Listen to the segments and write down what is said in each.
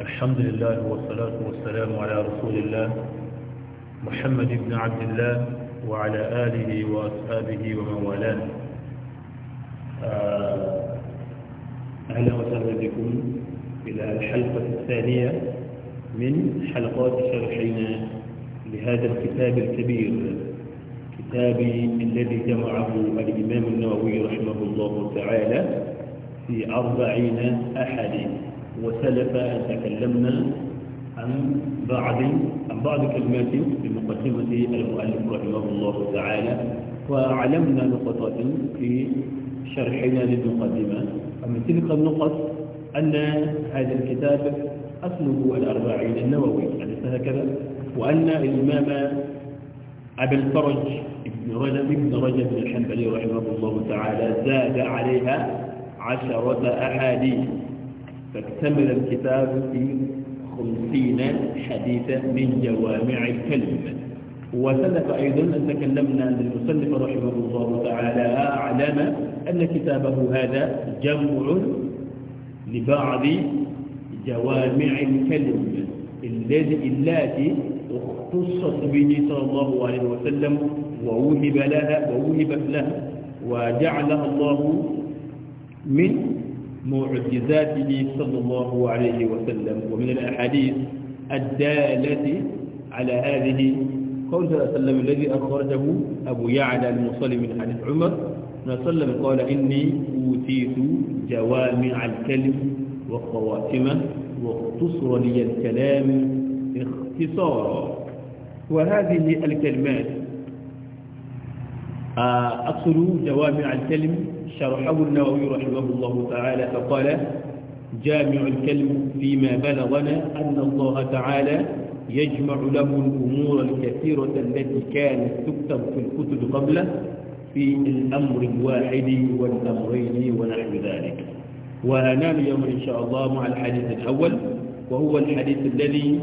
الحمد لله والصلاة والسلام على رسول الله محمد بن عبد الله وعلى آله وأصحابه ومن والاه آه، أهلا وسهلا بكم إلى الحلقة الثانية من حلقات شرحنا لهذا الكتاب الكبير كتاب الذي جمعه الإمام النووي رحمه الله تعالى في أربعين أحاديث وسلف أن تكلمنا عن بعض عن بعض كلمات في مقدمة المؤلف رحمه الله تعالى وعلمنا نقطة في شرحنا للمقدمة ومن تلك النقط أن هذا الكتاب أصله الأربعين النووي أليس هكذا؟ وأن الإمام أبي الفرج ابن رجب ابن رجب الحنبلي رحمه الله تعالى زاد عليها عشرة أحاديث فاكتمل الكتاب في خمسين حديثا من جوامع الكلمة وسلف أيضا أن تكلمنا أن المصنف رحمه الله تعالى أعلم أن كتابه هذا جمع لبعض جوامع الكلمة الذي التي اختصت به صلى الله عليه وسلم ووهب لها ووهبت لها وجعلها الله من معجزاته صلى الله عليه وسلم ومن الأحاديث الدالة على هذه قول صلى الله عليه وسلم الذي أخرجه أبو يعلى المصلي من حديث عمر صلى الله عليه وسلم قال إني أوتيت جوامع الكلم وخواتمه واختصر لي الكلام اختصارا وهذه الكلمات آه، أقصد جوامع الكلم شرحه النووي رحمه الله تعالى فقال جامع الكلم فيما بلغنا أن الله تعالى يجمع له الأمور الكثيرة التي كانت تكتب في الكتب قبله في الأمر الواحد والأمرين ونحو ذلك وأنام يوم إن شاء الله مع الحديث الأول وهو الحديث الذي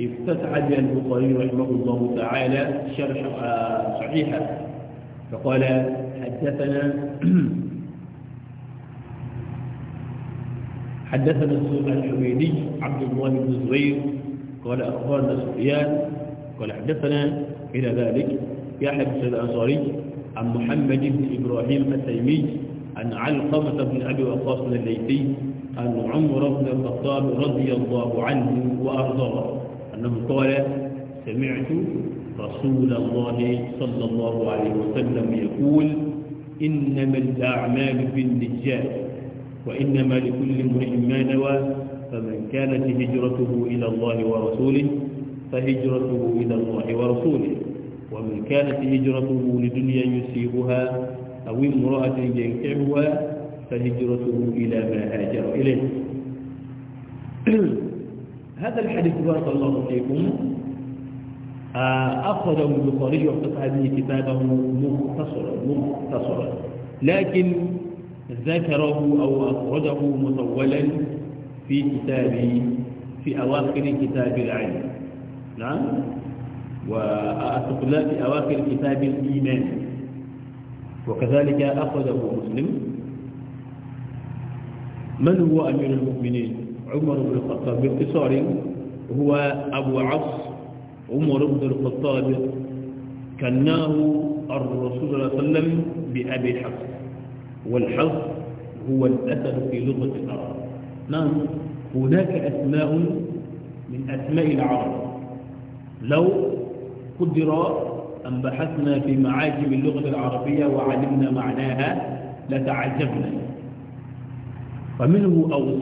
افتتح به البخاري رحمه الله تعالى شرح آه، صحيحه فقال حدثنا حدثنا الحميدي عبد الله بن زغير قال أخبرنا سفيان قال حدثنا إلى ذلك يحيى بن الأنصاري عن محمد بن إبراهيم التيمي عن علقمة بن أبي وقاص الليثي عن عمر بن الخطاب رضي الله عنه وأرضاه أنه قال سمعت رسول الله صلى الله عليه وسلم يقول إنما الأعمال بالنجات وإنما لكل امرئ ما نوى فمن كانت هجرته إلى الله ورسوله فهجرته إلى الله ورسوله ومن كانت هجرته لدنيا يسيبها أو امرأة ينكعها فهجرته إلى ما هاجر إليه هذا الحديث بارك الله فيكم أخرجه البخاري هذه كتابه مختصرا مختصرا لكن ذكره أو أخرجه مطولا في كتاب في أواخر كتاب العلم نعم وأعتقد في أواخر كتاب الإيمان وكذلك أخذه مسلم من هو أمير المؤمنين عمر بن الخطاب باختصار هو أبو عصر عمر بن الخطاب كناه الرسول صلى الله عليه وسلم بأبي حفص والحفص هو الأسد في لغة العرب نعم هناك أسماء من أسماء العرب لو قدر أن بحثنا في معاجم اللغة العربية وعلمنا معناها لتعجبنا فمنه أوس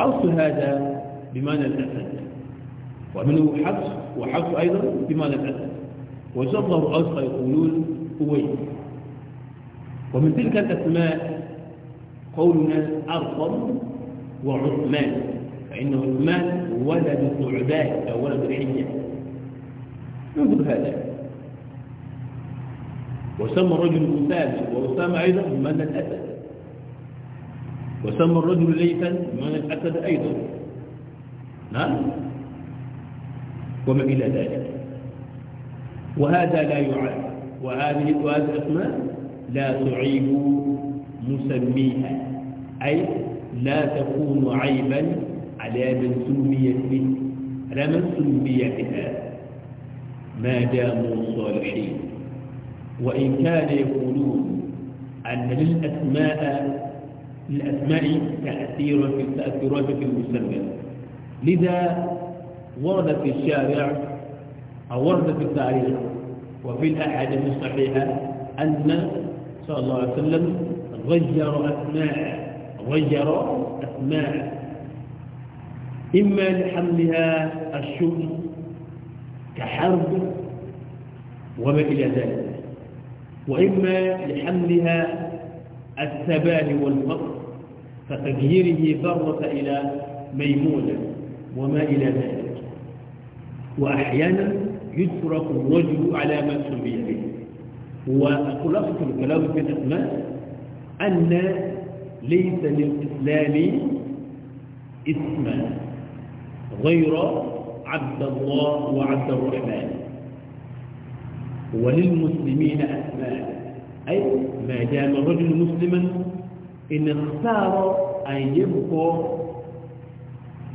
أوس هذا بمعنى الأسد ومنه حفص وحفص أيضا بمعنى الأسد ويسمى رؤساء يقولون أويس ومن تلك الأسماء قولنا أرقم وعثمان فإن عثمان ولد ثعبان أو ولد حية انظر هذا وسمى الرجل أسامة وأسامة أيضا من الأسد وسمى الرجل ليثا من الأسد أيضا نعم وما إلى ذلك وهذا لا يعاد وهذه وهذه الأسماء لا تعيب مسميها أي لا تكون عيبا على من سميت به على من سميتها ما داموا صالحين وإن كان يقولون أن للأسماء للأسماء تأثيرا في التأثيرات في المسمى لذا ورد في الشارع أو ورد في التاريخ وفي الأحاديث الصحيحة أن صلى الله عليه وسلم غير أسماء غير أسماء إما لحملها الشؤم كحرب وما إلى ذلك وإما لحملها الثبات والفقر فتغييره فرط إلى ميمونة وما إلى ذلك وأحيانا يترك الوجه على ما سمي به وخلاصة الكلام في الأسماء أن ليس للإسلام اسما غير عبد الله وعبد الرحمن وللمسلمين أسماء أي ما دام الرجل مسلما إن اختار أن يبقى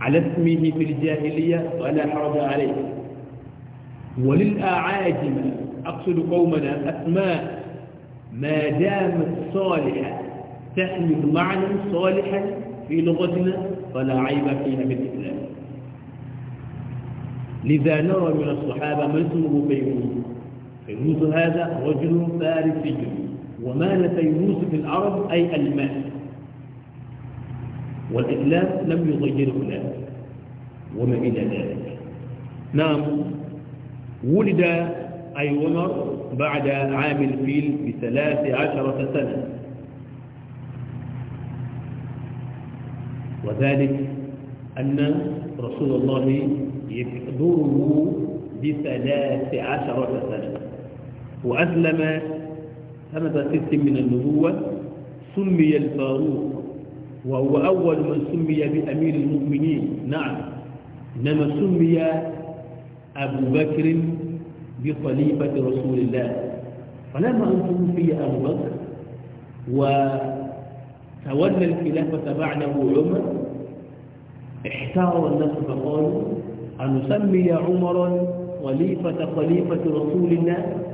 على اسمه في الجاهلية ولا حرج عليه وللأعاجم أقصد قومنا أسماء ما دامت صالحة تحمل معنى صالحا في لغتنا فلا عيب فيها من الإسلام لذا نرى من الصحابة من اسمه فيروز فيروز هذا رجل فارسي ومال فيروز في العرب أي الماس والإسلام لم يغيره الآن وما إلى ذلك نعم ولد أي عمر بعد عام الفيل بثلاث عشرة سنة وذلك أن رسول الله يكبره بثلاث عشرة سنة وأسلم سنة ست من النبوة سمي الفاروق وهو أول من سمي بأمير المؤمنين نعم إنما سمي أبو بكر بخليفة رسول الله فلما أن توفي أبو بكر وتولى الخلافة بعده عمر احتار الناس فقالوا أن نسمي عمرا خليفة خليفة رسول الله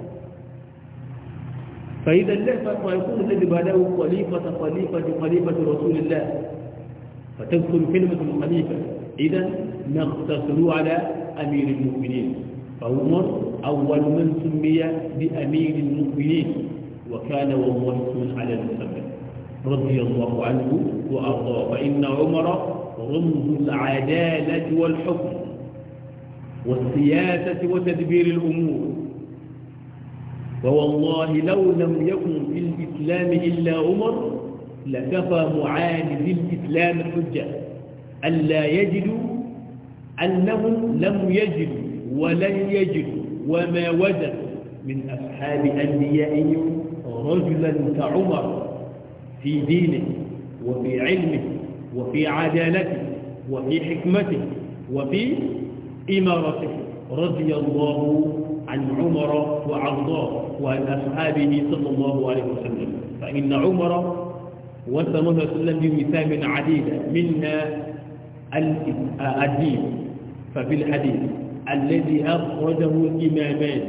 فإذا اللعبة ما يكون الذي بعده خليفة خليفة خليفة رسول الله فتذكر كلمة الخليفة إذا نقتصر على أمير المؤمنين فعمر أول من سمي بأمير المؤمنين وكان ومرس على المسمى رضي الله عنه وأرضاه فإن عمر رمز العدالة والحكم والسياسة وتدبير الأمور فوالله لو لم يكن في الإسلام إلا عمر لكفى معاند الإسلام حجة ألا يجدوا أنهم لم يجدوا ولن يجدوا وما وجدوا من أصحاب أنبيائهم رجلا كعمر في دينه وفي علمه وفي عدالته وفي حكمته وفي إمارته رضي الله عن عمر وعرضاه وعن أصحابه صلى الله عليه وسلم فإن عمر وصل الله عليه وسلم بوسام عديدة منها الدين ففي الحديث الذي أخرجه الإمامان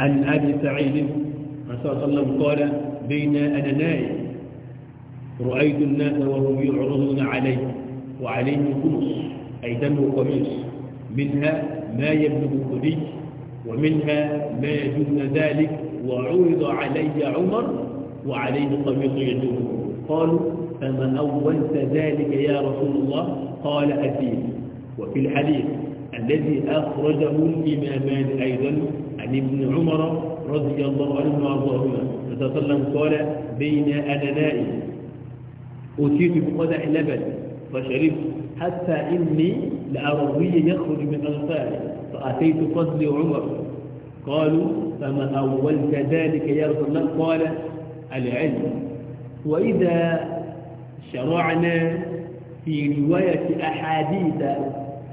عن أبي سعيد صلى الله عليه وسلم قال بين أنا نائم رأيت الناس وهم يعرضون علي وعليهم خمس أي دم قميص منها ما يبلغ خديج ومنها ما دون ذلك وعرض علي عمر وعليه قميص يدور قالوا فما أولت ذلك يا رسول الله قال أتيت وفي الحديث الذي أخرجه الإمامان أيضا عن ابن عمر رضي الله عنه وأرضاهما فتصلم قال بين أنا نائم أتيت بقدع لبن فشربت حتى إني لأرضي يخرج من أنفاري فأتيت فضل عمر قالوا فما أولت ذلك يا رسول الله قال العلم وإذا شرعنا في رواية أحاديث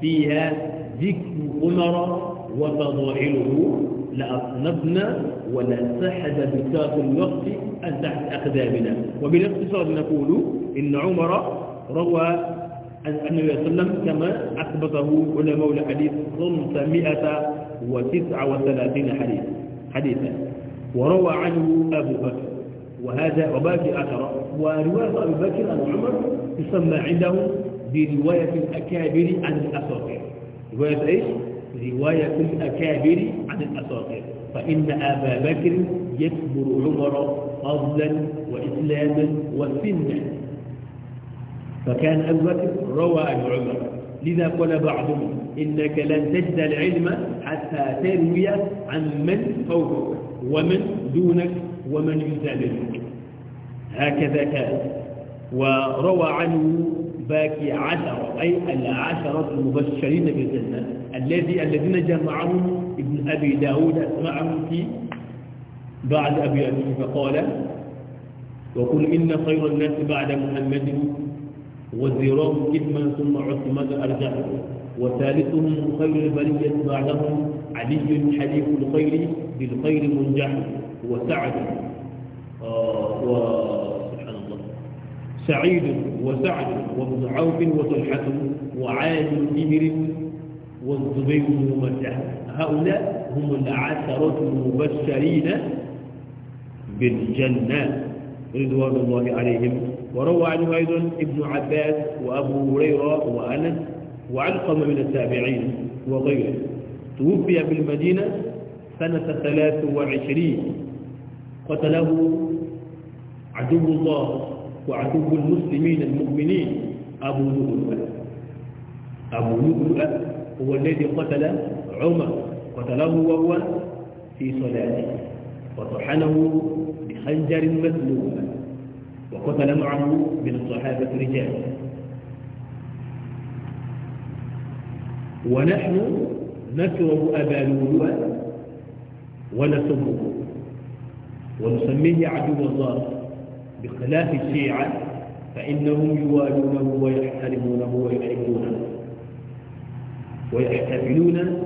فيها ذكر عمر وفضائله لأطلبنا ولا سحب بساط الوقت أن تحت أقدامنا وبالاختصار نقول إن عمر روى النبي صلى الله عليه وسلم كما أثبته علماء الحديث 539 حديث حديثا وروى عنه أبو بكر وهذا وباقي أثر ورواية أبو بكر عن عمر تسمى عندهم برواية الأكابر عن الأساطير رواية إيش؟ رواية الأكابر عن الأساطير فإن أبا بكر يكبر عمر فضلا وإسلاما وسنا فكان أبو بكر روى عن عمر لذا قال بعضهم إنك لن تجد العلم حتى تروي عن من فوقك ومن دونك ومن يزاملك هكذا كان وروى عنه باقي عشرة أي العشرة المبشرين بالجنة الذي الذين جمعهم ابن أبي داود معهم في بعد أبي أبي فقال وقل إن خير الناس بعد محمد وزيرهم كتما ثم عثمان الجعد وثالثهم خير البرية بعدهم علي حليف الخير بالخير منجح وسعد آه و سبحان الله سعيد وسعد وابن عوف وطلحة وعاد بمر والزبير بن هؤلاء هم العشرة المبشرين بالجنة رضوان الله عليهم وروى عنه أيضا ابن عباس وأبو هريرة وأنس وعلقم من التابعين وغيره توفي بالمدينة سنة 23 قتله عدو الله وعدو المسلمين المؤمنين أبو لؤلؤة أبو لؤلؤة هو الذي قتل عمر قتله وهو في صلاته وطحنه بخنجر مسلول وقتل معه من الصحابة رجال ونحن نكره أبا لؤلؤة ونسمه ونسميه عدو الله بخلاف الشيعة فإنهم يوالونه ويحترمونه ويحبونه ويحتفلون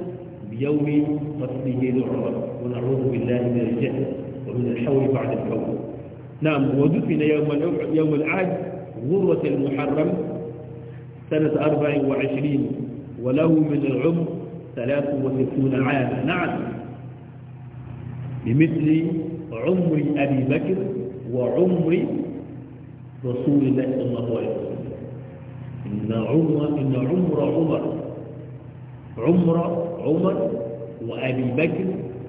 بيوم قتله لعبة ونعوذ بالله من الجهل ومن الحول بعد الحول نعم ودفن يوم يوم العاد غرة المحرم سنة 24 وله من العمر 63 عاما نعم بمثل عمر أبي بكر وعمر رسول الله صلى الله عليه وسلم إن عمر إن عمر عمر عمر عمر وأبي بكر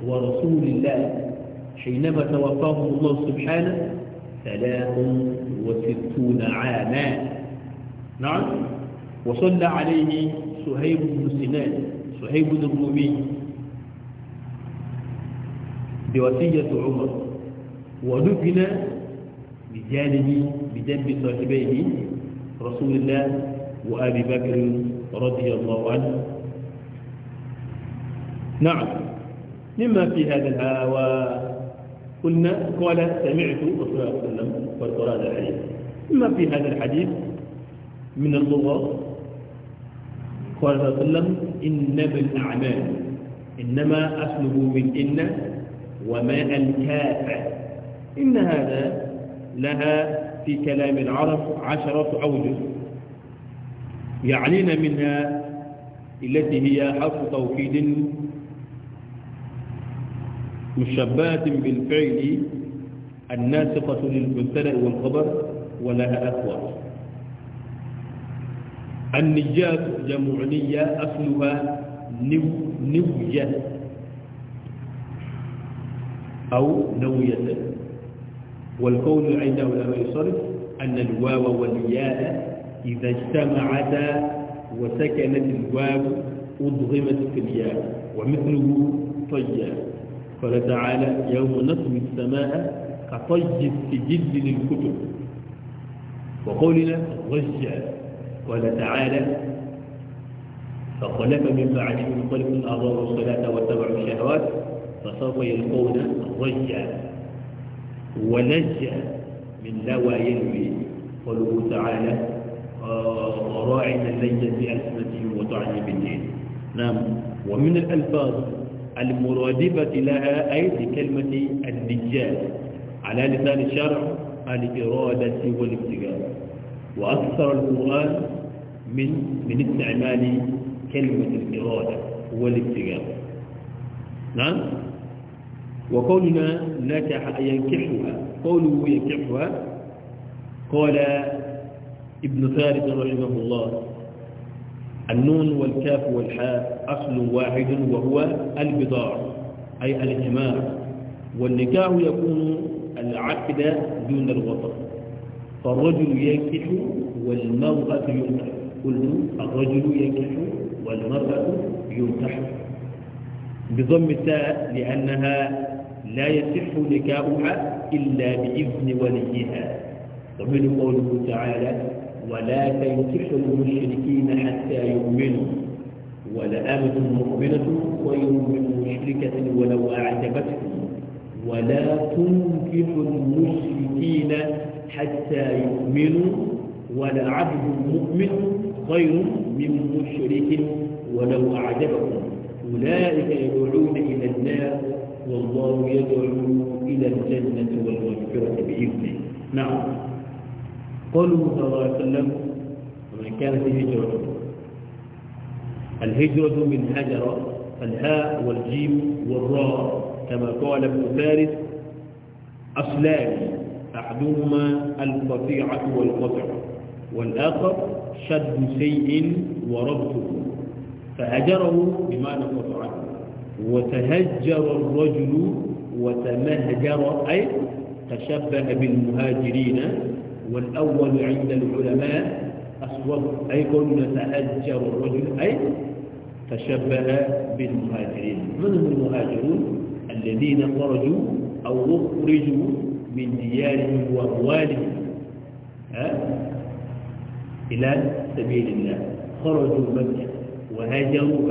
ورسول الله حينما توفاهم الله سبحانه ثلاث وستون عاما نعم وصلى عليه سهيب بن سنان سهيب الرومي بوصية عمر ودفن بجانب بجنب صاحبيه رسول الله وأبي بكر رضي الله عنه نعم مما في هذا الهوى قلنا قال سمعت رسول الله صلى الله عليه وسلم الحديث ما في هذا الحديث من اللغة قال صلى الله عليه وسلم إن بالأعمال إنما أسلب من إن وما الكافة إن هذا لها في كلام العرب عشرة أوجه يعنينا منها التي هي حرف توكيد مشبهة بالفعل الناسقة للمبتدأ والخبر ولها أثوار النجاب جمع نية أصلها نو نوية أو نوية والقول عند علماء الصرف أن الواو والياء إذا اجتمعتا وسكنت الواو أضغمت في الياء ومثله طيّا قال تعالى يوم نطوي السماء كطي السجل للكتب وقولنا غشا قال تعالى فخلف من بعدهم خلف اضاءوا الصلاة واتبعوا الشهوات فسوف يلقون غشا ونجا من لوى يلوي قوله تعالى آه، راعنا الليل بألسنتهم وطعن بالليل نعم ومن الألفاظ المرادفة لها أي بكلمة الدجال على لسان الشرع الإرادة والابتغال وأكثر القرآن من من استعمال كلمة الإرادة والابتغال نعم وقولنا لك ينكحها قوله ينكحها قال ابن ثابت رحمه الله النون والكاف والحاء أصل واحد وهو البضاع أي الحمار والنكاح يكون العقد دون الوطن فالرجل ينكح والمرأة ينكح قلت الرجل ينكح والمرأة ينكح بضم التاء لأنها لا يصح نكاحها إلا بإذن وليها ومنه قوله تعالى ولا تنكحوا المشركين حتى يؤمنوا ولأمة مؤمنة خير من مشركة ولو أعجبتكم ولا تنكحوا المشركين حتى يؤمنوا ولعبد مؤمن خير من مشرك ولو أعجبكم أولئك يدعون إلى النار والله يدعو إلى الجنة والمغفرة بإذنه نعم قوله صلى الله عليه وسلم ومن كانت هجرة الهجرة من هجرة الهاء والجيم والراء كما قال ابن فارس أصلان أحدهما القطيعة والقطع والآخر شد شيء وربطه فهجره بمعنى قطعه وتهجر الرجل وتمهجر أي تشبه بالمهاجرين والأول عند العلماء أصوب أي قول يتهجر الرجل أي تشبه بالمهاجرين من هم المهاجرون الذين خرجوا أو أخرجوا من ديارهم وأموالهم إلى سبيل الله خرجوا مكة وهاجروا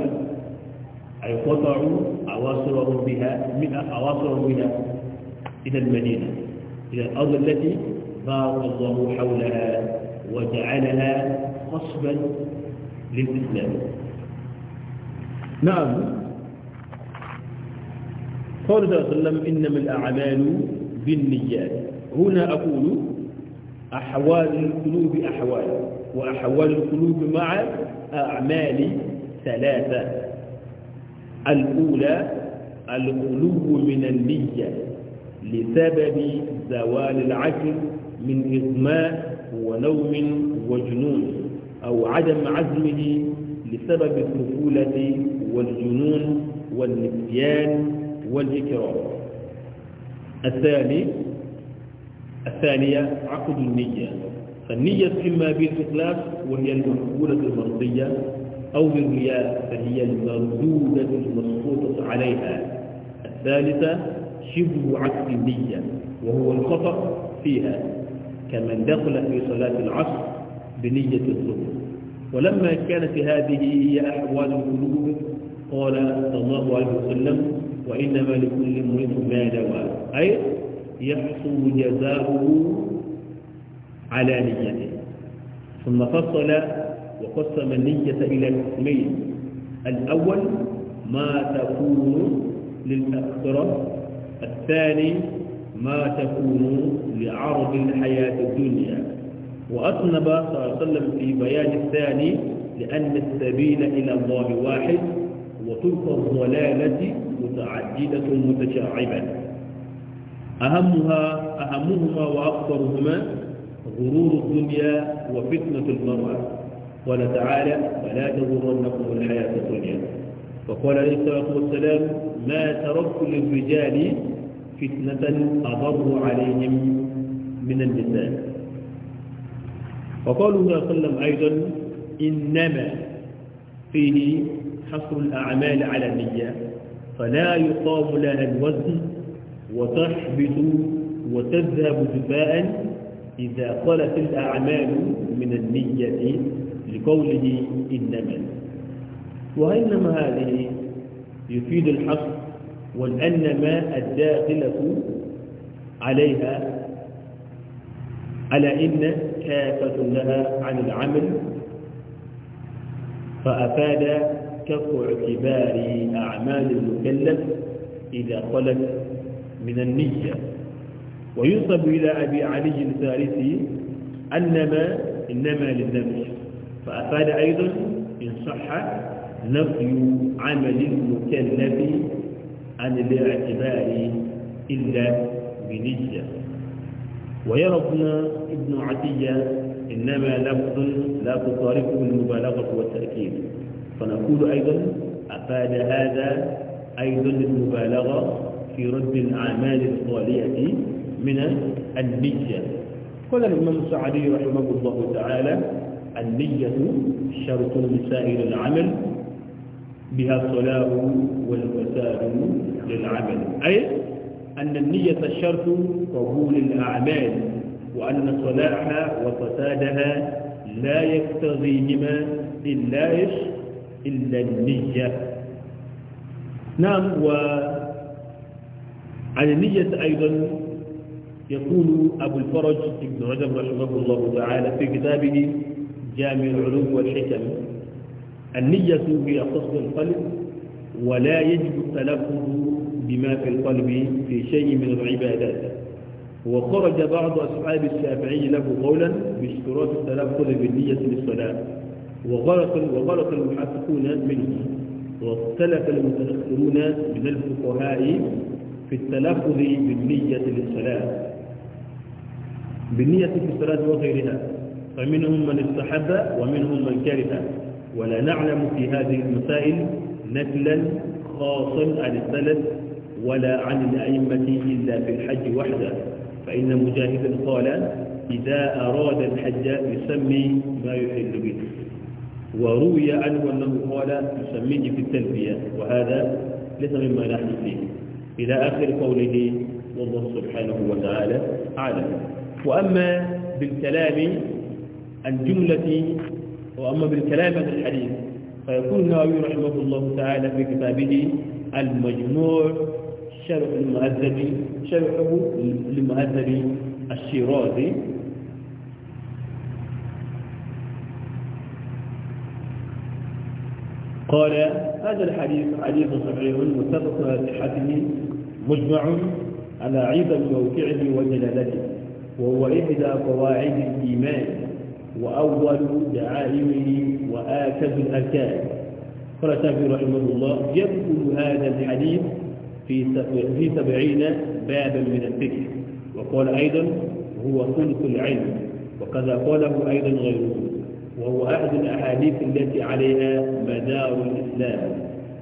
أي قطعوا أواصرهم بها من أواصرهم إلى المدينة إلى الأرض التي بارك الله حولها وجعلها خصبا للإسلام نعم قال صلى الله عليه وسلم إنما الأعمال بالنيات هنا أقول أحوال القلوب أحوال وأحوال القلوب مع أعمال ثلاثة الأولى القلوب من النية لسبب زوال العقل من إغماء ونوم وجنون أو عدم عزمه لسبب الطفولة والجنون والنسيان والإكرام الثاني الثانية عقد النية فالنية إما بالإخلاص وهي المقبولة المرضية أو بالرياء فهي المردودة المسقوطة عليها الثالثة شبه عكس النية وهو الخطأ فيها كمن دخل في صلاة العصر بنية الظهر ولما كانت هذه هي أحوال القلوب قال صلى الله عليه وسلم وإنما لكل امرئ ما نوى أي يحصل جزاؤه على نيته ثم فصل وقسم النية إلى قسمين الأول ما تكون للأكثر الثاني ما تكون لعرض الحياة الدنيا وأطنب صلى الله عليه وسلم في بيان الثاني لأن السبيل إلى الله واحد وتلك الضلالة متعددة متشعبة أهمها أهمهما وأكثرهما غرور الدنيا وفتنة المرأة قال تعالى فلا تغرنكم الحياة الدنيا وقال عليه الصلاة والسلام ما ترك للرجال فتنة أضر عليهم من النساء وقالوا صلى الله عليه وسلم أيضا إنما فيه حصر الأعمال على النية فلا يقام لها الوزن وتحبط وتذهب جفاء إذا خلت الأعمال من النية لقوله إنما وإنما هذه يفيد الحصر وأن ما الداخلة عليها على إن كافة لها عن العمل فأفاد كف اعتبار أعمال المكلف إذا خلت من النية وينصب إلى أبي علي الثالثي أنما إنما للنفي فأفاد أيضا إن صح نفي عمل المكلف عن الاعتبار إلا بنية ويرى ابن عتية إنما لفظ لا تطارقه المبالغة والتأكيد فنقول أيضا أفاد هذا أيضا المبالغة في رد الأعمال الخاليه من النية قال الإمام السعدي رحمه الله تعالى النية شرط لسائر العمل بها الصلاة والفساد للعمل أي أن النية شرط قبول الأعمال وأن صلاحها وفسادها لا يقتضيهما إلا إيش إلا النية نعم وعن النية أيضا يقول أبو الفرج ابن رجب رحمه الله تعالى في كتابه جامع العلوم والحكم النية هي قصد القلب ولا يجب التلفظ بما في القلب في شيء من العبادات وخرج بعض أصحاب الشافعي له قولا باشتراط التلفظ بالنية للصلاة وغلق وغلق المحققون منه واختلف المتأخرون من الفقهاء في التلفظ بالنية للصلاة بالنية في الصلاة وغيرها فمنهم من استحب ومنهم من كره ولا نعلم في هذه المسائل نكلا خاصا عن السلف ولا عن الأئمة إلا في الحج وحده فإن مجاهدا قال إذا أراد الحج يسمي ما يحل به وروي عنه أنه قال يسميه في التلبية وهذا ليس مما نحن فيه إلى آخر قوله والله سبحانه وتعالى أعلم وأما بالكلام الجملة وأما بالكلام في الحديث فيقول النووي رحمه الله تعالى في كتابه المجموع شرح المهذب شرحه للمهذب الشيرازي قال هذا الحديث حديث صحيح متفق على صحته مجمع على عظم موقعه وجلالته وهو إحدى قواعد الإيمان وأول دعائمه وآكد الأركان قال الشافعي رحمه الله يدخل هذا الحديث في في سبعين بابا من الفكر وقال أيضا هو ثلث العلم وكذا قاله أيضا غيره وهو أحد الأحاديث التي عليها مدار الإسلام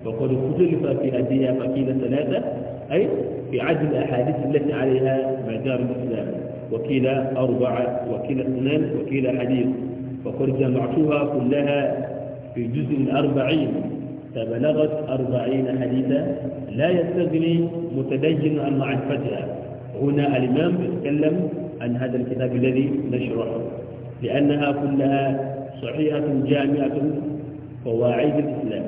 وقد اختلف في أديها فقيل ثلاثة أي في عدد الأحاديث التي عليها مدار الإسلام وكلا أربعة وكلا اثنان وكلا حديث وقد جمعتها كلها في جزء أربعين فبلغت أربعين حديثا لا يستغني متدين عن معرفتها هنا الإمام يتكلم عن هذا الكتاب الذي نشرحه لأنها كلها صحيحة جامعة قواعد الإسلام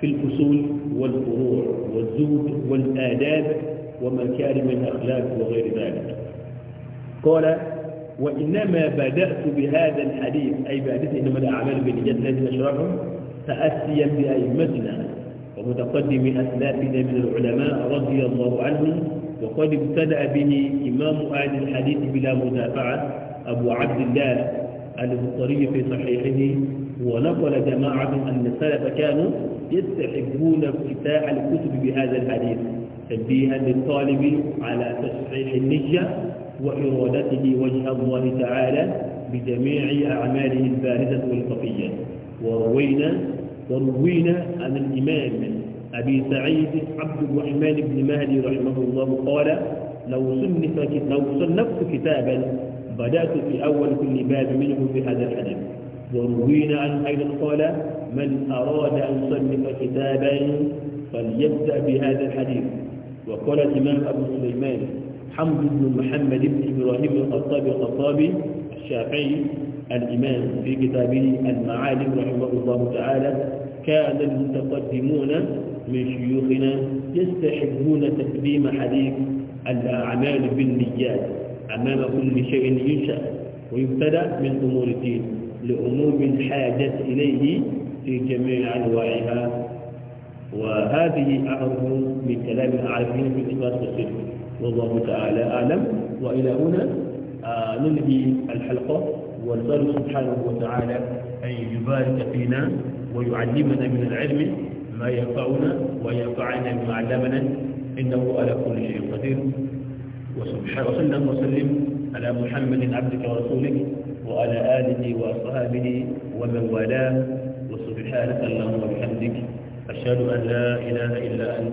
في الفصول والفروع والزهد والآداب ومكارم الأخلاق وغير ذلك قال وإنما بدأت بهذا الحديث أي بحديث إنما الأعمال بالنجات الذي نشرهم تأسيا بأئمتنا ومتقدم أسلافنا من العلماء رضي الله عنهم وقد ابتدأ به إمام أهل الحديث بلا مدافعة أبو عبد الله البخاري في صحيحه ونقل جماعة أن السلف كانوا يستحبون افتتاح الكتب بهذا الحديث تنبيها للطالب على تصحيح النية وإرادته وجه الله تعالى بجميع أعماله الباردة والبقية وروينا وروينا عن الإمام أبي سعيد عبد الرحمن بن مهدي رحمه الله قال لو صنف لو صنفت كتابا بدأت في أول كل باب منه بهذا الحدث وروينا عن أيضا قال من أراد أن يصنف كتابا فليبدأ بهذا الحديث وقال الإمام أبو سليمان حمد بن محمد بن إبراهيم الخطاب الخطابي الشافعي الإمام في كتابه المعالم رحمه الله تعالى كان المتقدمون من شيوخنا يستحبون تقديم حديث الأعمال بالنيات أمام كل شيء ينشأ ويبتدأ من أمور الدين لعموم الحاجة إليه في جميع أنواعها وهذه أعظم من كلام العارفين في الإخلاص والصدق والله تعالى أعلم وإلى هنا آه، ننهي الحلقة والبر سبحانه وتعالى أن يبارك فينا ويعلمنا من العلم ما ينفعنا وينفعنا بما علمنا إنه على كل شيء قدير وسبحانه وسلم وسلم على محمد عبدك ورسولك وعلى آله وأصحابه ومن والاه وسبحانك اللهم وبحمدك أشهد أن لا إله إلا أنت